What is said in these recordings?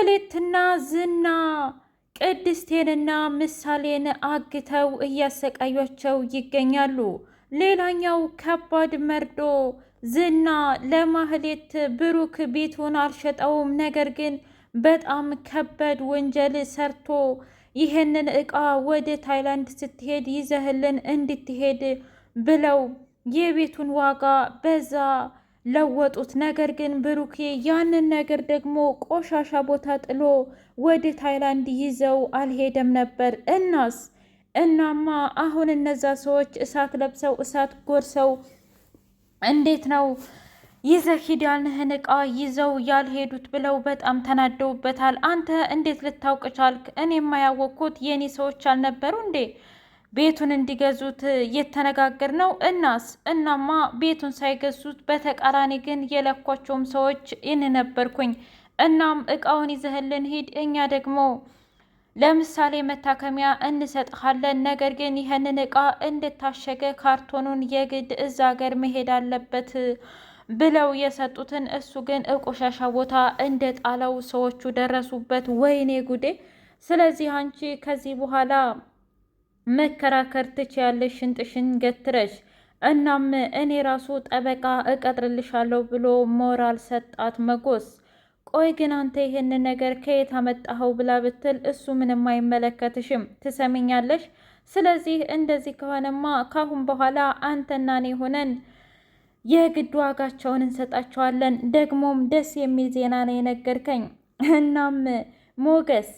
ማህሌትና ዝና ቅድስቴንና ምሳሌን አግተው እያሰቃያቸው ይገኛሉ። ሌላኛው ከባድ መርዶ ዝና ለማህሌት ብሩክ ቤቱን አልሸጠውም፣ ነገር ግን በጣም ከበድ ወንጀል ሰርቶ ይህንን እቃ ወደ ታይላንድ ስትሄድ ይዘህልን እንድትሄድ ብለው የቤቱን ዋጋ በዛ ለወጡት። ነገር ግን ብሩኬ ያንን ነገር ደግሞ ቆሻሻ ቦታ ጥሎ ወደ ታይላንድ ይዘው አልሄደም ነበር። እናስ እናማ አሁን እነዛ ሰዎች እሳት ለብሰው እሳት ጎርሰው እንዴት ነው ይዘህ ሂድ ያልንህን ዕቃ ይዘው ያልሄዱት ብለው በጣም ተናደውበታል። አንተ እንዴት ልታውቅ ቻልክ? እኔ የማያወቅኩት የእኔ ሰዎች አልነበሩ እንዴ? ቤቱን እንዲገዙት እየተነጋገር ነው። እናስ እናማ ቤቱን ሳይገዙት በተቃራኒ ግን የለኳቸውም ሰዎች ይን ነበርኩኝ። እናም እቃውን ይዘህልን ሂድ፣ እኛ ደግሞ ለምሳሌ መታከሚያ እንሰጥሃለን። ነገር ግን ይህንን እቃ እንድታሸገ ካርቶኑን የግድ እዛ ሀገር መሄድ አለበት ብለው የሰጡትን እሱ ግን እቆሻሻ ቦታ እንደ ጣለው ሰዎቹ ደረሱበት። ወይኔ ጉዴ! ስለዚህ አንቺ ከዚህ በኋላ መከራከር ትችያለሽ ሽንጥሽን ገትረሽ። እናም እኔ ራሱ ጠበቃ እቀጥርልሻለሁ ብሎ ሞራል ሰጣት መጎስ። ቆይ ግን አንተ ይህንን ነገር ከየት አመጣኸው ብላ ብትል እሱ ምንም አይመለከትሽም ትሰሚኛለሽ። ስለዚህ እንደዚህ ከሆነማ ካሁን በኋላ አንተና እኔ ሆነን የግድ ዋጋቸውን እንሰጣቸዋለን። ደግሞም ደስ የሚል ዜና ነው የነገርከኝ። እናም ሞገስ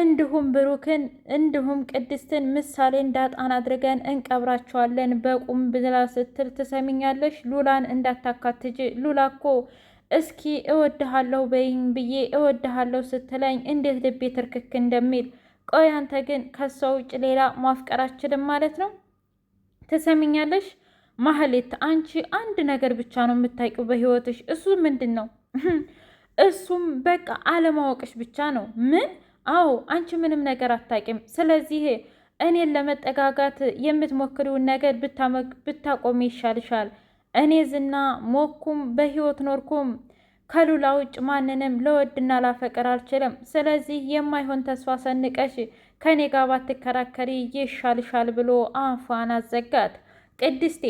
እንዲሁም ብሩክን እንዲሁም ቅድስትን ምሳሌ እንዳጣን አድርገን እንቀብራቸዋለን በቁም ብላ ስትል ትሰሚኛለሽ። ሉላን እንዳታካትጅ ሉላ እኮ እስኪ እወድሃለሁ በይኝ ብዬ እወድሃለሁ ስትለኝ እንዴት ልቤ ትርክክ እንደሚል ቆይ፣ አንተ ግን ከሷ ውጭ ሌላ ማፍቀር አችልም ማለት ነው። ትሰሚኛለሽ ማህሌት፣ አንቺ አንድ ነገር ብቻ ነው የምታውቂው በህይወትሽ። እሱ ምንድን ነው? እሱም በቃ አለማወቅሽ ብቻ ነው። ምን አዎ አንቺ ምንም ነገር አታውቂም። ስለዚህ እኔን ለመጠጋጋት የምትሞክሪውን ነገር ብታቆሚ ይሻልሻል። እኔ ዝና ሞኩም በህይወት ኖርኩም ከሉላ ውጭ ማንንም ለወድና ላፈቅር አልችልም። ስለዚህ የማይሆን ተስፋ ሰንቀሽ ከኔ ጋር ባትከራከሪ ይሻልሻል ብሎ አፏን አዘጋት። ቅድስቴ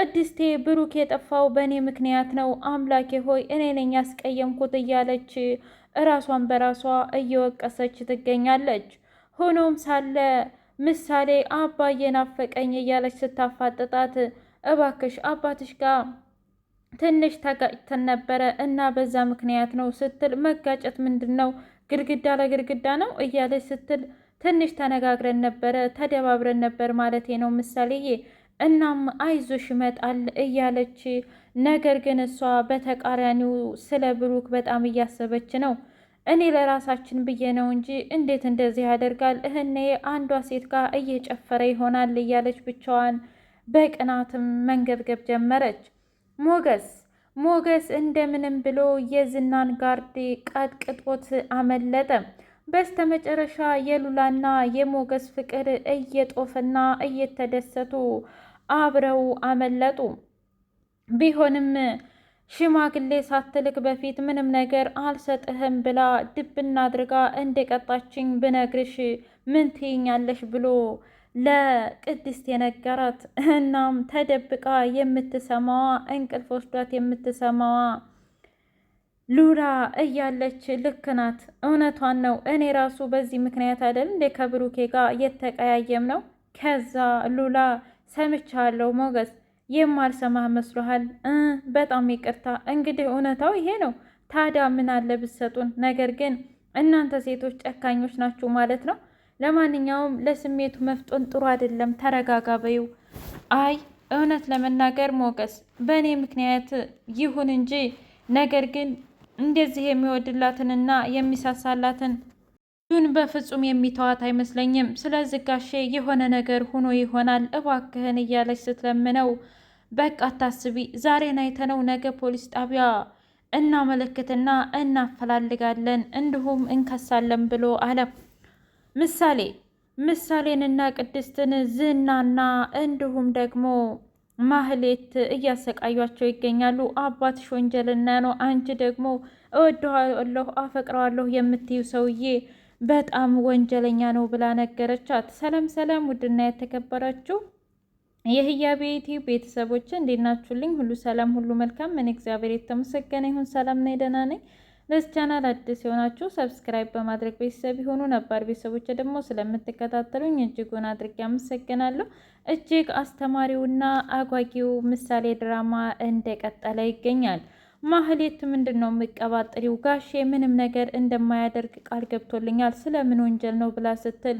ቅድስቴ ብሩክ የጠፋው በእኔ ምክንያት ነው፣ አምላኬ ሆይ እኔ ነኝ ያስቀየምኩት እያለች እራሷን በራሷ እየወቀሰች ትገኛለች። ሆኖም ሳለ ምሳሌ አባዬ ናፈቀኝ እያለች ስታፋጥጣት እባክሽ አባትሽ ጋር ትንሽ ተጋጭተን ነበረ እና በዛ ምክንያት ነው ስትል መጋጨት ምንድን ነው ግድግዳ ለግድግዳ ነው እያለች ስትል ትንሽ ተነጋግረን ነበረ ተደባብረን ነበር ማለቴ ነው ምሳሌዬ እናም አይዞሽ ይመጣል እያለች ነገር ግን እሷ በተቃራኒው ስለ ብሩክ በጣም እያሰበች ነው እኔ ለራሳችን ብዬ ነው እንጂ እንዴት እንደዚህ ያደርጋል? እህኔ አንዷ ሴት ጋር እየጨፈረ ይሆናል እያለች ብቻዋን በቅናትም መንገብገብ ጀመረች። ሞገስ ሞገስ እንደምንም ብሎ የዝናን ጋርድ ቀጥቅጦት አመለጠ። በስተመጨረሻ የሉላና የሞገስ ፍቅር እየጦፈና እየተደሰቱ አብረው አመለጡ ቢሆንም ሽማግሌ ሳትልክ በፊት ምንም ነገር አልሰጥህም ብላ ድብና አድርጋ እንደቀጣችኝ ብነግርሽ ምን ትይኛለሽ ብሎ ለቅድስት የነገራት። እናም ተደብቃ የምትሰማዋ እንቅልፍ ወስዷት የምትሰማዋ ሉላ እያለች ልክ ናት፣ እውነቷን ነው። እኔ ራሱ በዚህ ምክንያት አይደል እንደ ከብሩኬ ጋር የተቀያየም ነው። ከዛ ሉላ ሰምቻለሁ ሞገስ የማልሰማህ መስሎሃል? በጣም ይቅርታ። እንግዲህ እውነታው ይሄ ነው። ታዲያ ምን አለ ብትሰጡን? ነገር ግን እናንተ ሴቶች ጨካኞች ናችሁ ማለት ነው። ለማንኛውም ለስሜቱ መፍጦን ጥሩ አይደለም። ተረጋጋ በይው። አይ እውነት ለመናገር ሞገስ በእኔ ምክንያት ይሁን እንጂ ነገር ግን እንደዚህ የሚወድላትንና የሚሳሳላትን እሱን በፍጹም የሚተዋት አይመስለኝም። ስለዚህ ጋሼ የሆነ ነገር ሆኖ ይሆናል እባክህን እያለች ስትለምነው፣ በቃ አታስቢ፣ ዛሬን አይተነው ነገ ፖሊስ ጣቢያ እናመለክትና እናፈላልጋለን እንዲሁም እንከሳለን ብሎ አለ። ምሳሌ ምሳሌንና ቅድስትን ዝናና እንዲሁም ደግሞ ማህሌት እያሰቃያቸው ይገኛሉ። አባትሽ ሾንጀልና ነው፣ አንቺ ደግሞ እወደዋለሁ አፈቅረዋለሁ የምትዩ ሰውዬ በጣም ወንጀለኛ ነው ብላ ነገረቻት። ሰላም ሰላም! ውድና የተከበራችሁ የህያ ቤቲ ቤተሰቦች እንዴት ናችሁልኝ? ሁሉ ሰላም፣ ሁሉ መልካም። ምን እግዚአብሔር የተመሰገነ ይሁን ሰላም ነኝ፣ ደህና ነኝ። ለዚህ ቻናል አዲስ የሆናችሁ ሰብስክራይብ በማድረግ ቤተሰብ የሆኑ ነባር ቤተሰቦች ደግሞ ስለምትከታተሉኝ እጅጉን አድርጌ አመሰግናለሁ። እጅግ አስተማሪውና አጓጊው ምሳሌ ድራማ እንደቀጠለ ይገኛል። ማህሌት ምንድን ነው የምቀባጥሪው? ጋሼ ምንም ነገር እንደማያደርግ ቃል ገብቶልኛል። ስለምን ወንጀል ነው ብላ ስትል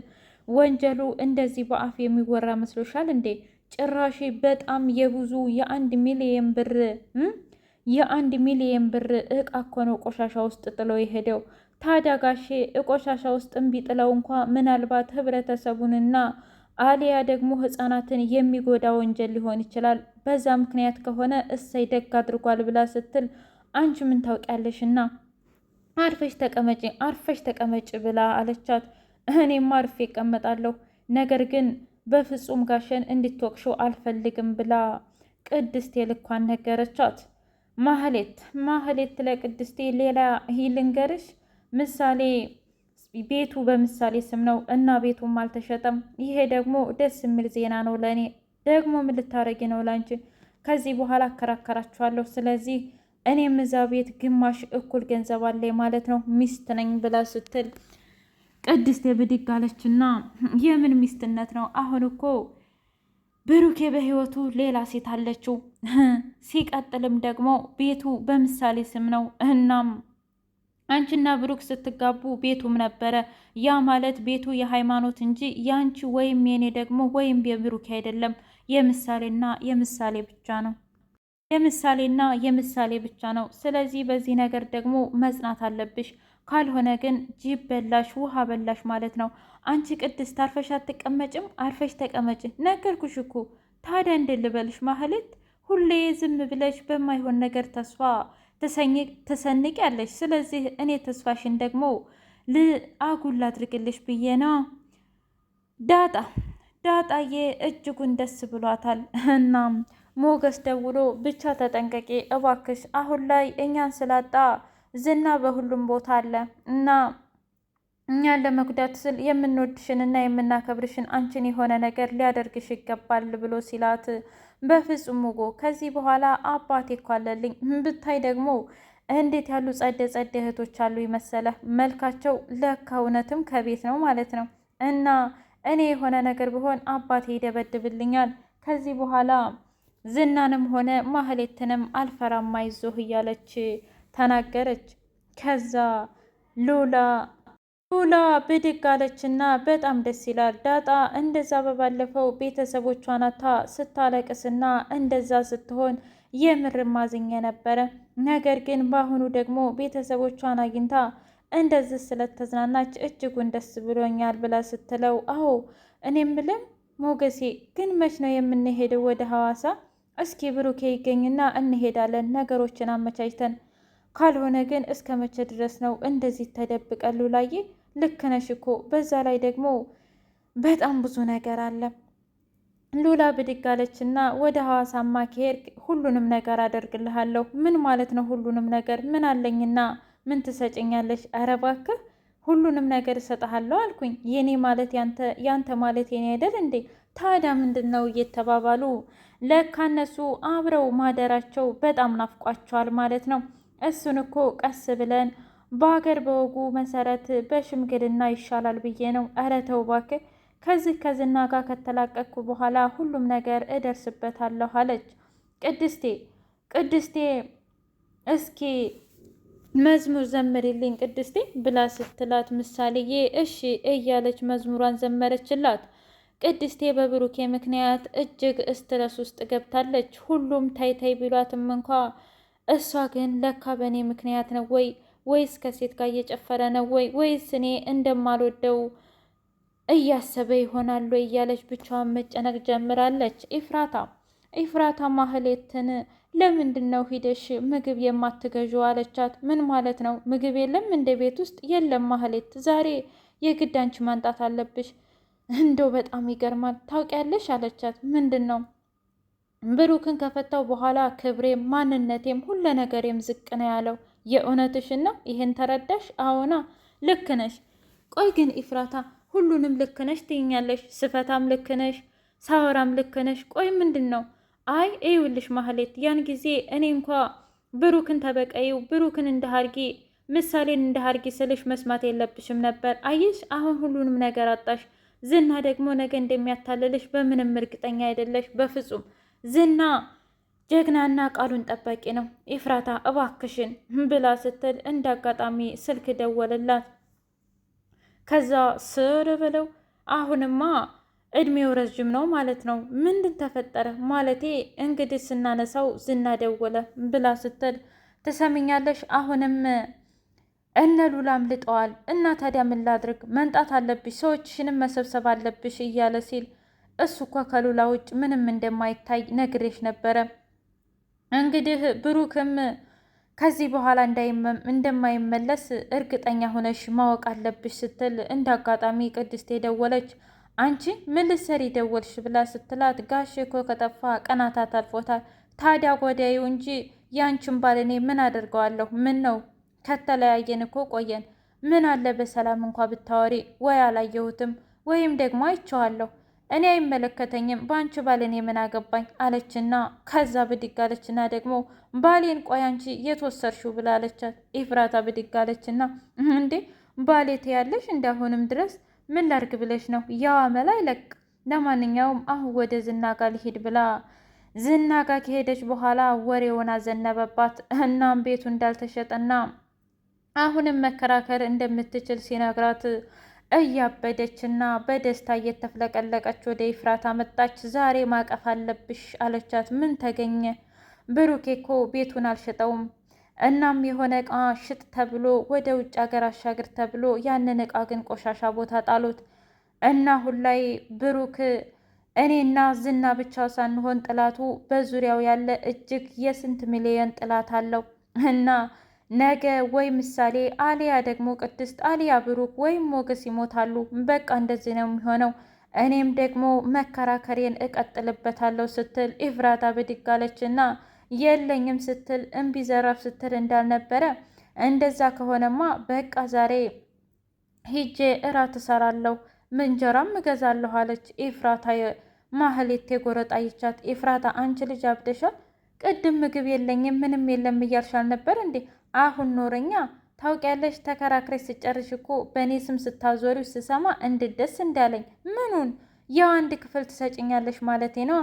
ወንጀሉ እንደዚህ በአፍ የሚወራ መስሎሻል እንዴ? ጭራሽ በጣም የብዙ የአንድ ሚሊየን ብር የአንድ ሚሊየን ብር እቃ እኮ ነው ቆሻሻ ውስጥ ጥሎ የሄደው። ታዲያ ጋሼ ቆሻሻ ውስጥ ቢጥለው እንኳ ምናልባት ህብረተሰቡንና አሊያ ደግሞ ህጻናትን የሚጎዳ ወንጀል ሊሆን ይችላል። በዛ ምክንያት ከሆነ እሰይ ደግ አድርጓል ብላ ስትል አንቺ ምን ታውቂያለሽ እና አርፈሽ ተቀመጪ አርፈሽ ተቀመጪ ብላ አለቻት። እኔም አርፌ እቀመጣለሁ፣ ነገር ግን በፍጹም ጋሸን እንድትወቅሽው አልፈልግም ብላ ቅድስቴ ልኳን ነገረቻት። ማህሌት ማህሌት ለቅድስቴ ሌላ ይልንገርሽ ምሳሌ ቤቱ በምሳሌ ስም ነው እና ቤቱም አልተሸጠም። ይሄ ደግሞ ደስ የሚል ዜና ነው ለእኔ ደግሞ ምን ልታረጊ ነው? ላንቺ ከዚህ በኋላ አከራከራችኋለሁ። ስለዚህ እኔም እዛ ቤት ግማሽ እኩል ገንዘብ አለ ማለት ነው፣ ሚስት ነኝ ብላ ስትል ቅድስት የብድግ አለችና የምን ሚስትነት ነው? አሁን እኮ ብሩኬ በህይወቱ ሌላ ሴት አለችው። ሲቀጥልም ደግሞ ቤቱ በምሳሌ ስም ነው። እናም አንቺና ብሩክ ስትጋቡ ቤቱም ነበረ። ያ ማለት ቤቱ የሃይማኖት እንጂ ያንቺ ወይም የኔ ደግሞ ወይም የብሩኬ አይደለም። የምሳሌና የምሳሌ ብቻ ነው የምሳሌና የምሳሌ ብቻ ነው። ስለዚህ በዚህ ነገር ደግሞ መጽናት አለብሽ። ካልሆነ ግን ጅብ በላሽ ውሃ በላሽ ማለት ነው። አንቺ ቅድስት አርፈሽ አትቀመጭም። አርፈሽ ተቀመጭ። ነገርኩሽ እኮ ታዲያ እንድልበልሽ ማህሌት፣ ሁሌ ዝም ብለሽ በማይሆን ነገር ተስፋ ተሰንቅ ያለሽ። ስለዚህ እኔ ተስፋሽን ደግሞ ልአጉል አድርግልሽ ብዬ ነው ዳጣ ዳጣዬ እጅጉን ደስ ብሏታል። እናም ሞገስ ደውሎ ብቻ ተጠንቀቂ እባክሽ፣ አሁን ላይ እኛን ስላጣ ዝና በሁሉም ቦታ አለ እና እኛን ለመጉዳት ስል የምንወድሽን እና የምናከብርሽን አንቺን የሆነ ነገር ሊያደርግሽ ይገባል ብሎ ሲላት፣ በፍጹም ሙጎ፣ ከዚህ በኋላ አባቴ እኮ አለልኝ ብታይ ደግሞ እንዴት ያሉ ጸደ ጸደ እህቶች አሉ ይመሰለ መልካቸው ለካ እውነትም ከቤት ነው ማለት ነው እና እኔ የሆነ ነገር ብሆን አባቴ ይደበድብልኛል። ከዚህ በኋላ ዝናንም ሆነ ማህሌትንም አልፈራም፣ አይዞህ እያለች ተናገረች። ከዛ ሉላ ሉላ ብድግ አለችና በጣም ደስ ይላል። ዳጣ እንደዛ በባለፈው ቤተሰቦቿን አታ ስታለቅስና እንደዛ ስትሆን የምር ማዝኜ ነበረ። ነገር ግን በአሁኑ ደግሞ ቤተሰቦቿን አግኝታ እንደዚህ ስለተዝናናች እጅጉን ደስ ብሎኛል ብላ ስትለው፣ አዎ እኔም ብልም ሞገሴ ግን መች ነው የምንሄደው ወደ ሐዋሳ? እስኪ ብሩኬ ይገኝና እንሄዳለን ነገሮችን አመቻችተን። ካልሆነ ግን እስከ መቼ ድረስ ነው እንደዚህ ተደብቀሉ? ሉላዬ ልክ ነሽ እኮ በዛ ላይ ደግሞ በጣም ብዙ ነገር አለ። ሉላ ብድግ አለችና ወደ ሐዋሳማ ከሄድክ ሁሉንም ነገር አደርግልሃለሁ። ምን ማለት ነው ሁሉንም ነገር? ምን አለኝና ምን ትሰጭኛለሽ? ኧረ እባክህ ሁሉንም ነገር እሰጥሃለሁ አልኩኝ። የኔ ማለት ያንተ ማለት የኔ አይደል እንዴ? ታዲያ ምንድን ነው እየተባባሉ ለካ እነሱ አብረው ማደራቸው በጣም ናፍቋቸዋል ማለት ነው። እሱን እኮ ቀስ ብለን በሀገር በወጉ መሰረት በሽምግልና ይሻላል ብዬ ነው። እረ ተው እባክህ ከዚህ ከዝና ጋር ከተላቀቅኩ በኋላ ሁሉም ነገር እደርስበታለሁ አለች ቅድስቴ። ቅድስቴ እስኪ መዝሙር ዘምሪልኝ ቅድስቴ ብላ ስትላት ምሳሌዬ እሺ እያለች መዝሙሯን ዘመረችላት። ቅድስቴ በብሩኬ ምክንያት እጅግ እስትረስ ውስጥ ገብታለች። ሁሉም ታይታይ ቢሏትም እንኳ እሷ ግን ለካ በእኔ ምክንያት ነው ወይ ወይስ ከሴት ጋር እየጨፈረ ነው ወይ ወይስ እኔ እንደማልወደው እያሰበ ይሆናል እያለች ብቻዋን መጨነቅ ጀምራለች። ኢፍራታ ኢፍራታ ማህሌትን ለምንድን ነው ሂደሽ ምግብ የማትገዥው አለቻት። ምን ማለት ነው ምግብ የለም እንደ ቤት ውስጥ የለም? ማህሌት ዛሬ የግድ አንቺ ማንጣት አለብሽ። እንደው በጣም ይገርማል። ታውቂያለሽ አለቻት። ምንድን ነው ብሩክን ከፈታው በኋላ ክብሬም ማንነቴም ሁለ ነገሬም ዝቅ ነው ያለው። የእውነትሽን ነው? ይህን ተረዳሽ? አዎና ልክ ነሽ። ቆይ ግን ኢፍራታ ሁሉንም ልክ ነሽ ትይኛለሽ፣ ስፈታም ልክ ነሽ፣ ሳወራም ልክ ነሽ። ቆይ ምንድን ነው አይ ይኸውልሽ ማህሌት፣ ያን ጊዜ እኔ እንኳ ብሩክን ተበቀይው ብሩክን እንዳርጊ ምሳሌን እንዳርጊ ስልሽ መስማት የለብሽም ነበር። አየሽ አሁን ሁሉንም ነገር አጣሽ። ዝና ደግሞ ነገ እንደሚያታልልሽ በምንም እርግጠኛ አይደለሽ። በፍጹም ዝና ጀግናና ቃሉን ጠባቂ ነው። ይፍራታ እባክሽን ብላ ስትል እንደ አጋጣሚ ስልክ ደወለላት። ከዛ ስር ብለው አሁንማ እድሜው ረዥም ነው ማለት ነው። ምንድን ተፈጠረ ማለቴ እንግዲህ ስናነሳው ዝና ደወለ ብላ ስትል ትሰምኛለሽ፣ አሁንም እነ ሉላ አምልጠዋል። እና ታዲያ ምን ላድርግ? መንጣት አለብሽ፣ ሰዎችሽንም መሰብሰብ አለብሽ እያለ ሲል እሱ እኮ ከሉላ ውጭ ምንም እንደማይታይ ነግሬሽ ነበረ። እንግዲህ ብሩክም ከዚህ በኋላ እንደማይመለስ እርግጠኛ ሆነሽ ማወቅ አለብሽ ስትል እንደ አጋጣሚ ቅድስት የደወለች አንቺ ምን ልትሰሪ ደወልሽ ብላ ስትላት ጋሽ እኮ ከጠፋ ቀናታት አልፎታል። ታዲያ ጓዳዩ እንጂ ያንቺን ባል እኔ ምን አደርገዋለሁ? ምን ነው ከተለያየን እኮ ቆየን። ምን አለ በሰላም እንኳ ብታወሪ፣ ወይ አላየሁትም ወይም ደግሞ አይቼዋለሁ። እኔ አይመለከተኝም፣ በአንቺ ባል እኔ ምን አገባኝ አለችና ከዛ ብድግ አለችና ደግሞ ባሌን ቆይ አንቺ የት ወሰድሽው ብላ አለቻት። ኤፍራታ ብድግ አለችና እንዴ ባሌ ትያለሽ እንዳሁንም ድረስ ምን ላርግ ብለሽ ነው? ያው መላይ ለቅ ለማንኛውም አሁን ወደ ዝና ሊሄድ ብላ ዝና ከሄደች በኋላ ወሬውን አዘነበባት። እናም ቤቱ እንዳልተሸጠና አሁንም መከራከር እንደምትችል ሲነግራት እያበደችና በደስታ እየተፍለቀለቀች ወደ ይፍራት አመጣች። ዛሬ ማቀፍ አለብሽ አለቻት። ምን ተገኘ? ብሩኬ እኮ ቤቱን አልሸጠውም እናም የሆነ እቃ ሽጥ ተብሎ ወደ ውጭ ሀገር አሻግር ተብሎ ያንን እቃ ግን ቆሻሻ ቦታ ጣሉት እና አሁን ላይ ብሩክ እኔና ዝና ብቻ ሳንሆን ጥላቱ በዙሪያው ያለ እጅግ የስንት ሚሊዮን ጥላት አለው እና ነገ ወይ ምሳሌ አሊያ ደግሞ ቅድስት አሊያ ብሩክ ወይም ሞገስ ይሞታሉ። በቃ እንደዚህ ነው የሚሆነው። እኔም ደግሞ መከራከሬን እቀጥልበታለሁ ስትል ኢፍራታ ብድግ አለችና የለኝም ስትል እምቢ ዘራፍ ስትል እንዳልነበረ እንደዛ ከሆነማ በቃ ዛሬ ሂጄ እራት እሰራለሁ እንጀራም እገዛለሁ አለች ኤፍራታ ማህሌት የጎረጣ ይቻት ኤፍራታ አንቺ ልጅ አብደሻል ቅድም ምግብ የለኝም ምንም የለም እያልሻል ነበር እንዴ አሁን ኖረኛ ታውቂያለሽ ተከራክሬ ስጨርሽ እኮ በእኔ ስም ስታዞሪው ስሰማ እንድደስ እንዳለኝ ምኑን ያው አንድ ክፍል ትሰጭኛለሽ ማለቴ ነዋ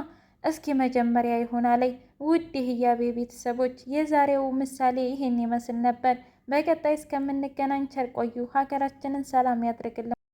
እስኪ መጀመሪያ ይሆና ላይ ውድ የህያቤ ቤተሰቦች የዛሬው ምሳሌ ይህን ይመስል ነበር። በቀጣይ እስከምንገናኝ ቸር ቆዩ። ሀገራችንን ሰላም ያድርግልን።